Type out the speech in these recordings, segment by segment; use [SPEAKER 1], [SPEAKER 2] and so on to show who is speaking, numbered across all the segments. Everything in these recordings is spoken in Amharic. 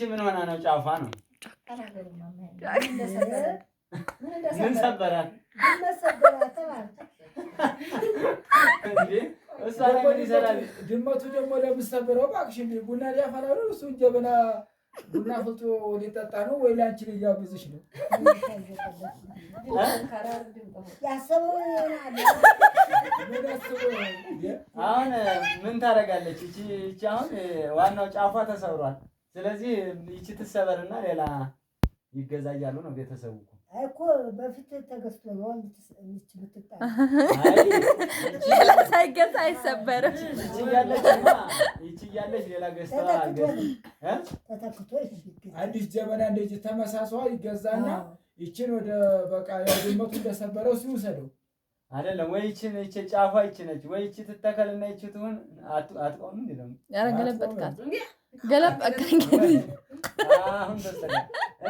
[SPEAKER 1] ይቺ ምን ሆና ነው? ጫፏ ነው። ምን ሰበራት?
[SPEAKER 2] ድመቱ ደግሞ ለምሰብረው እባክሽ ቡና ሊያፈላ ነው። እሱን ጀበና ቡና ፍልቶ ሊጠጣ ነው ወይ ለአንቺ ሊያብዝሽ ነው?
[SPEAKER 1] አሁን ምን ታደርጋለች? አሁን ዋናው ጫፏ ተሰብሯል። ስለዚህ ይቺ ትሰበርና ሌላ ይገዛ እያሉ ነው ቤተሰቡ
[SPEAKER 3] እኮ በፊት ተገዝቶ ነው
[SPEAKER 4] ሌላ ሳይገዛ አይሰበርም።
[SPEAKER 1] ይቺ እያለች ሌላ ገዝተዋ
[SPEAKER 2] አዲስ ጀበና እንደዚህ ተመሳስዋ ይገዛና ይችን ወደ በቃ ድመቱ እንደሰበረው ሲውሰደው
[SPEAKER 1] አይደለም ወይ ይችን ይቺ ጫፏ ይቺ ነች ወይ ይቺ ትተከልና ይቺ ትሁን አትቆም እንዲ
[SPEAKER 4] ያረገለበት ካል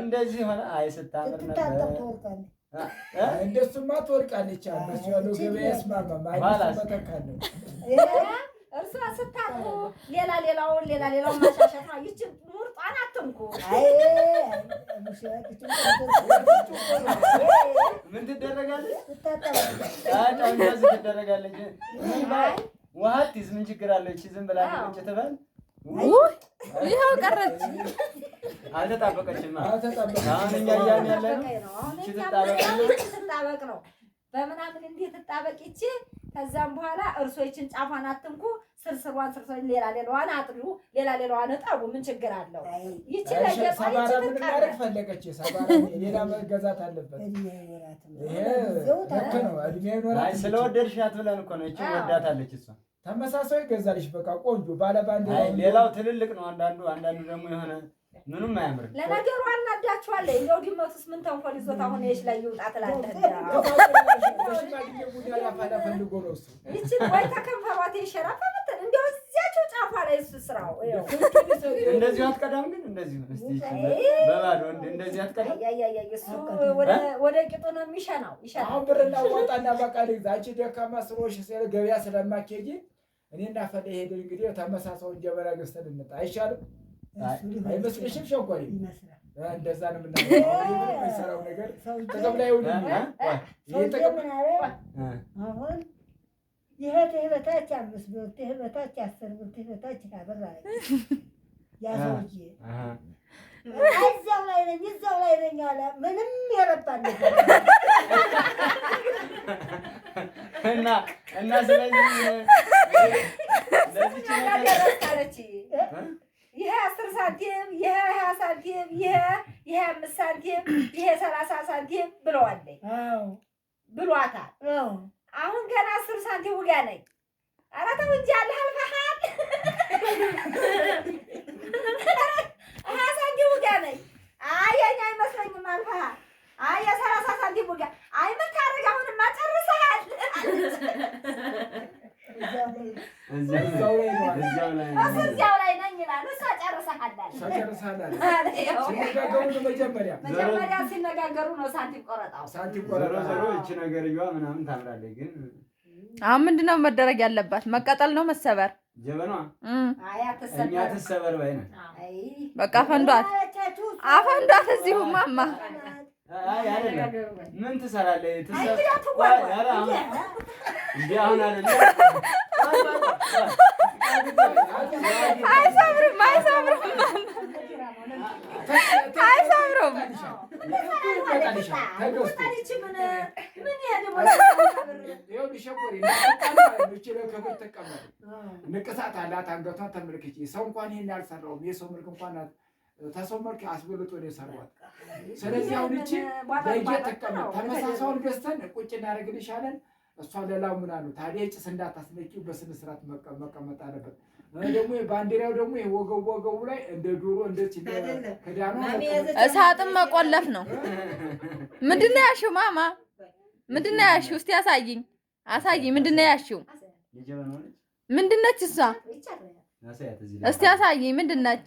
[SPEAKER 1] እንደዚህ ሆነ። አይ ስታምር ነበር።
[SPEAKER 2] እንደሱማ ትወድቃለች። እሱ ያለው ገበያ ያስማማም።
[SPEAKER 3] እርሷ ስታጥቡ ሌላ ሌላውን ሌላ ሌላውን ማሻሻት ነው። ይች ሙርጧን አትንኩ።
[SPEAKER 1] ምን ትደረጋለች? ትደረጋለች ውሃ ትይዝ ምን ችግር አለች? ዝም ብላ ጭ ትበል
[SPEAKER 4] ይኸው ቀረች።
[SPEAKER 1] አልተጣበቀችም።
[SPEAKER 3] ነው በምናምን እንዲህ ትጣበቅ ይቺ። ከዛም በኋላ እርሶችን ይችን ጫፏን አትንኩ፣ ስርስሯን ስርሶ ሌላ ሌላዋን አጥሩ፣ ሌላ ሌላዋን እጠቡ። ምን ችግር አለው? ይቺ ሌላ
[SPEAKER 2] መገዛት አለበት።
[SPEAKER 1] ስለወደድሻት ብለን እኮ ነው። ወዳታለች እሷ
[SPEAKER 2] ተመሳሳይ ገዛልሽ። በቃ ቆንጆ ባለ ባንድ።
[SPEAKER 1] ሌላው ትልልቅ ነው። አንዳንዱ አንዳንዱ ደግሞ የሆነ ምንም አያምርም።
[SPEAKER 3] ለነገሩ አናዳችኋለሁ። እንደው ድመቱስ ምን ተንኮል ይዞት አሁን ይሽ ላይ ይውጣ ትላለህ። ይችል ወይ ተከንፈሯት የሸራፈ አፋ ላይ እሱ ስራው
[SPEAKER 1] እንደዚህ
[SPEAKER 2] ገበያ ስለማኬጂ እኔ ፈለ ሄደን እንግዲህ ተመሳሳውን ጀበና ገዝተን እንጣ አይሻልም? አይመስልሽም? ሸንኮሪ እንደዛ ነው የምናሰራው ነገር ጥቅም ላይ ይሁን
[SPEAKER 3] ጥቅም ይሄ ትህ በታች አምስት ብር ትህ በታች አስር ብር ትህ በታች ካብር እዛው ላይ ነኝ እዛው ላይ ነኝ አለ። ምንም የረባለ
[SPEAKER 1] እና እና ስለዚህ ለዚች
[SPEAKER 3] ይሄ አስር ሳንቲም ይሄ ሀያ ሳንቲም ይሄ ይሄ አምስት ሳንቲም ይሄ ሰላሳ ሳንቲም ብለዋለኝ ብሏታል። አሁን ገና አስር ሳንቲም ውጊያ ነኝ። ኧረ ተው እንጂ አለ አልፈሃል። ሀያ ሳንቲም ውጊያ ነኝ። አይ የእኔ አይመስለኝም። አልፈሃል። አይ የሰላሳ ሳንቲም ውጊያ አይ መታረግ አሁንማ ላይ እዚያው ላይ
[SPEAKER 2] መጀመሪያ
[SPEAKER 3] መጀመሪያ ሲነጋገሩ ነው ሳንቲም ቆረጣው።
[SPEAKER 1] ሳንቲም ቆረጣው እቺ ነገርየዋ ምናምን ታምራለች። ግን
[SPEAKER 4] አሁን ምንድን ነው መደረግ ያለባት? መቀጠል ነው መሰበር?
[SPEAKER 1] ጀበና ትሰበር በይ ነው
[SPEAKER 4] በቃ። አፈንዷት አፈንዷት። እዚሁ ማማ
[SPEAKER 1] ምን ትሰራለች? ትሰራ አሁን አይደለም
[SPEAKER 4] አይሰብርም፣ አይሰብርም፣ አይሰብርም።
[SPEAKER 2] ንቅሳት አላት አንገቷ ተመልክቼ ሰው እንኳን ይሄን አልሰራውም። የሰው መልክ እንኳን ተሰው መልክ አስበልጦ ነው የሰሯት። ስለዚህ አሁን ይቺ ተመሳሳውን ገዝተን ቁጭ እናደርግልሻለን። እሷ ሌላው ምና ነው ታዲያ ጭስ እንዳታስነቂው በስነ ስርዓት መቀመጥ አለበት። ደግሞ ባንዲራው ደግሞ ወገቡ ወገቡ ላይ እንደ ዶሮ እንደ
[SPEAKER 4] ክዳኑ እሳጥን መቆለፍ ነው። ምንድን ነው ያልሽው ማማ? ምንድን ነው ያልሽው? እስቲ አሳይኝ አሳይኝ። ምንድን ነው ያልሽው? ምንድን ነች እሷ? እስኪ አሳይኝ ምንድን ነች?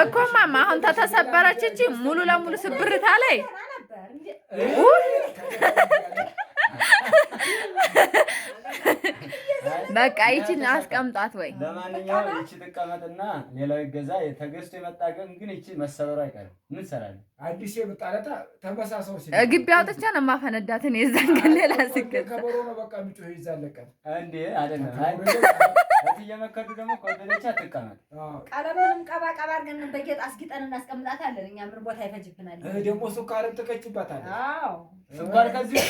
[SPEAKER 4] እኮ ማማ አሁን ተተሰበረች እንጂ ሙሉ ለሙሉ ስብርታ ላይ በቃ ይችን አስቀምጣት ወይ
[SPEAKER 1] ለማንኛውም ይቺ ትቀመጥና ሌላው ይገዛ። የተገዝቶ የመጣ ግን ግን ይቺ መሰበሩ አይቀርም። ምን ሰራለሁ
[SPEAKER 2] አዲስ የምጣለታ ተመሳሳው ሲ
[SPEAKER 4] ግቢ አውጥቻ ነው ማፈነዳትን የዛን ግን ሌላ ሲገዛ
[SPEAKER 2] ከበሮ ነው በቃ ምጮህ ይዛለቀ
[SPEAKER 1] እንዴ አይደለም በዚህ እየመከዱ ደግሞ ከወደደች አትቀመጥ።
[SPEAKER 3] ቀለበንም ቀባ ቀባ አድርገን በጌጥ አስጊጠን እናስቀምጣታለን። እኛ ብር ቦታ ይፈጅብናል።
[SPEAKER 2] ደግሞ እሱ ካለጠቀችባታል። አዎ ስኳር ከዚህ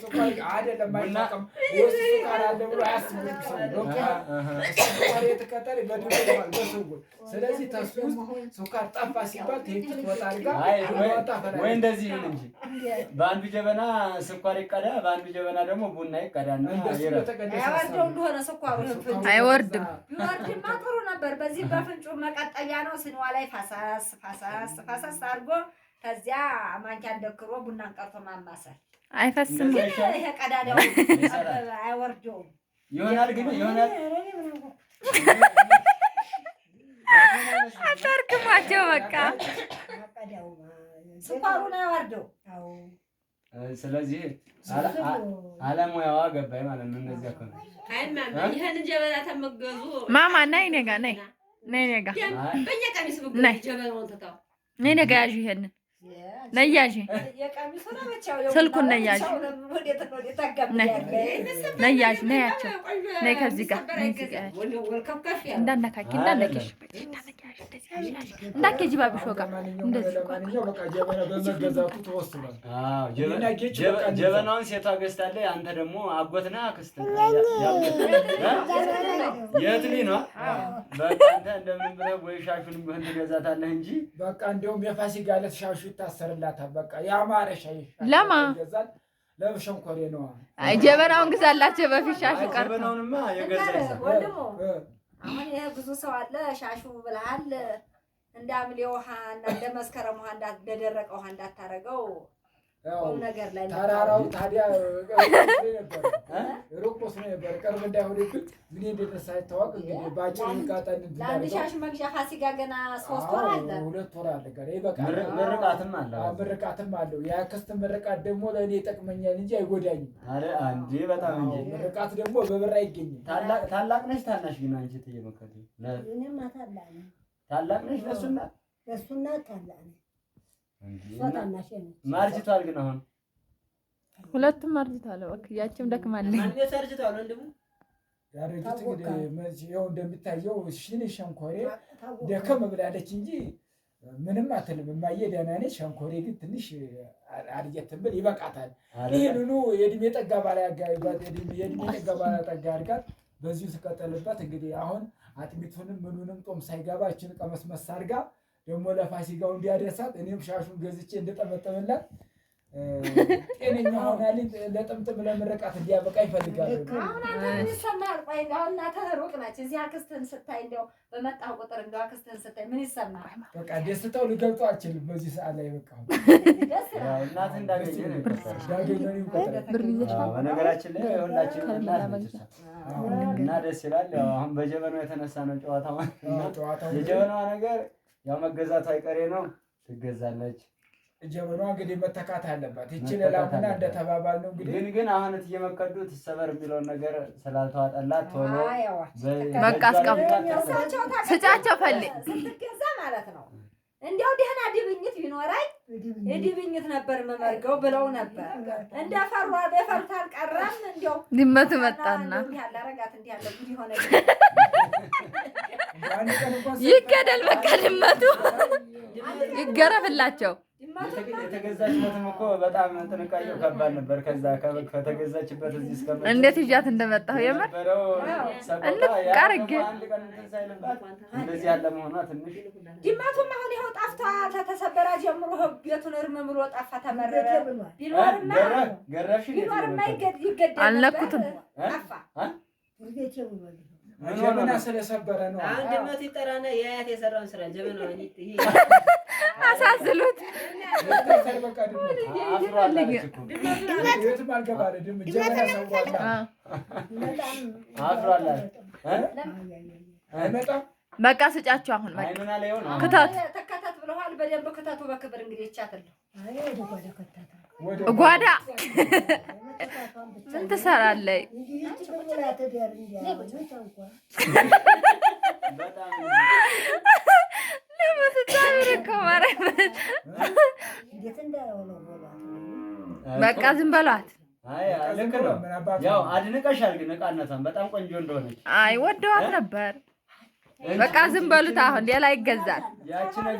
[SPEAKER 2] ስኳር አይደለም አይጠቀም ስኳር አለ ብሎ አያስብም። ዶክተር ስኳር በድሮዋል ስለዚህ ተሱ ስኳር ጠፋ ሲባል
[SPEAKER 1] ወጣ ወይ እንደዚህ ይሁን እንጂ በአንዱ ጀበና ስኳር ይቀዳ፣ በአንዱ ጀበና ደግሞ ቡና ይቀዳ።
[SPEAKER 4] አይወርድም።
[SPEAKER 3] ጥሩ ነበር። በዚህ በፍንጩ መቀጠያ ነው። ስንዋ ላይ ፈሳስ ፈሳስ ፈሳስ አድርጎ ከዚያ ማንኪያን ደክሮ ቡናን ቀርቶ ማማሰል
[SPEAKER 4] አይፈስም። ይሄ ቀዳዳው
[SPEAKER 1] አይወርደውም። ይሆናል ግን ይሆናል።
[SPEAKER 4] አታርክማቸው በቃ
[SPEAKER 3] ስኳሩን
[SPEAKER 1] ስለዚህ አለሙያዋ ገባኝ ማለት ነው። ከሆነ
[SPEAKER 3] ይህን ጀበና ተመገዙ።
[SPEAKER 4] ማማ ያዥ ይሄንን ነያዥ ስልኩን ነያዥ ነያዥ ነያቸው ነይ ከዚህ ጋር እንዳነካኪ እንዳኬ ጅባ ባብሾ ጋር
[SPEAKER 1] እንደዚህጀበናውን ሴቷ ገዝታለች። አንተ ደግሞ አጎትና አክስት የት ሊ ነው በቃ እንደምን ብለህ ወይ ሻሹን ትገዛታለህ እንጂ
[SPEAKER 2] በቃ እንዲሁም የፋሲካ ዕለት ሻሹ ይታሰርላታል። በቃ ያማረሻ ይሻል ለማ ለብሸንኮሬ
[SPEAKER 4] አይ ጀበናውን ግዛላቸው በፊት ሻሹ
[SPEAKER 3] አሁን ይሄ ብዙ ሰው አለ። ሻሹ ብለሃል። እንደ አምሌ ውሃ እና እንደ መስከረም ውሃ እንደደረቀ ውሃ እንዳታረገው
[SPEAKER 2] ተራራው ታዲያ ሩቅ ቅርብ እንዳይሆንብኝ ምን አይታወቅ። እንግዲህ በአጭር
[SPEAKER 3] ለአንድ ሻሽ መግዣ ፋሲካ ገና ሶስት ወር አለ፣ ሁለት
[SPEAKER 1] ወር አለ። ምርቃትም አለው፣
[SPEAKER 2] ምርቃትም አለው። የአክስት ምርቃት ደግሞ ለእኔ ይጠቅመኛል እንጂ አይጎዳኝም።
[SPEAKER 1] አንዴ በጣም እንጂ
[SPEAKER 2] ምርቃት ደግሞ በብር አይገኝም።
[SPEAKER 1] ታላቅ ነሽ ታናሽ ግን አንቺ ታላቅ ነሽ ለሱና
[SPEAKER 3] ለሱና ታላቅ
[SPEAKER 1] ማርጅቷል ግን አሁን
[SPEAKER 4] ሁለቱም አርጅቷል። በቃ ያቺም ደክማለች።
[SPEAKER 2] ያው እንደሚታየው ሽን ሸንኮሬ ደከም ብላለች እንጂ ምንም አትልም። እማዬ ደህና ነች። ሸንኮሬ ግን ትንሽ አርጀት ብል ይበቃታል። ይህንኑ የእድሜ ጠጋ ባለጠጋ አድርጋት በዚሁ ትቀጠልበት። እንግዲህ አሁን አጥሚቱንም ምኑንም ጦም ሳይገባ እችን ቀመስመስ አድርጋ ደግሞ ለፋሲካው እንዲያደርሳት እኔም ሻሹን ገዝቼ እንደጠመጠመላት ጤነኛ ሆናልኝ ለጥምጥም ለምርቃት እንዲያበቃ ይፈልጋል።
[SPEAKER 3] ሩቅ ነች። እዚህ አክስትህን ስታይ እንዲያው በመጣ ቁጥር እንዲያው አክስትህን ስታይ ምን ይሰማል?
[SPEAKER 2] በቃ ደስታው ልገልጠው አልችልም። በዚህ ሰዓት ላይ በቃ
[SPEAKER 1] በነገራችን ላይ ሁላችን እና ደስ ይላል። አሁን በጀበናው የተነሳ ነው ጨዋታ ጨዋታ የጀበናዋ ነገር ያው መገዛት አይቀሬ ነው። ትገዛለች።
[SPEAKER 2] ጀበኗ እንግዲህ መተካት አለባት። ይችን ላሙና እንደተባባል ነው
[SPEAKER 1] እንግዲህ ግን ግን አሁን እየመከዱ ትሰበር የሚለውን ነገር ስላልተዋጠላት ቶሎ
[SPEAKER 4] በቃ ስጫቸው ፈልግ ስትገዛ
[SPEAKER 3] ማለት ነው። እንዲያው ደህና ድብኝት ቢኖራኝ ድብኝት ነበር መመርገው ብለው ነበር። እንደ ፈሯ በፈርታ አልቀረም።
[SPEAKER 4] እንዲያው ድመት መጣና እንዲህ ያለ ረጋት እንዲህ ያለ ሆነ ይገደል በቃ ድመቱ ይገረፍላቸው።
[SPEAKER 1] በጣም ጥንቃቄው ከባድ
[SPEAKER 4] እንዴት ይዣት እንደመጣሁ የምር እንቃርግ
[SPEAKER 1] እንደዚህ ያለ መሆኗ ትንሽ
[SPEAKER 3] ድመቱም አሁን ይኸው ጠፍታ ጀምሮ ቤቱን እርም ብሎ ጠፋ። ተመረረ
[SPEAKER 1] ቢኖርማ
[SPEAKER 4] ይገድ አልነኩትም ጠፋ
[SPEAKER 2] ጀበና ስለሰበረ
[SPEAKER 3] ነው። አሁን ይጠራና የአያት የሰራውን ስራ ጀበና
[SPEAKER 4] አሳዝሉት። በቃ ስጫቸው አሁን ክተቱ፣ ተከተት ብለዋል። በደንብ ክተቱ በክብር እንግዲህ ይቻትል ጓዳ ምን ትሰራለይ? በቃ ዝም በሏት።
[SPEAKER 1] አድንቀሻል፣ ግን እቃነቷን በጣም ቆንጆ እንደሆነች።
[SPEAKER 4] አይ ወደዋት ነበር። በቃ ዝም በሉት። አሁን ሌላ ይገዛል።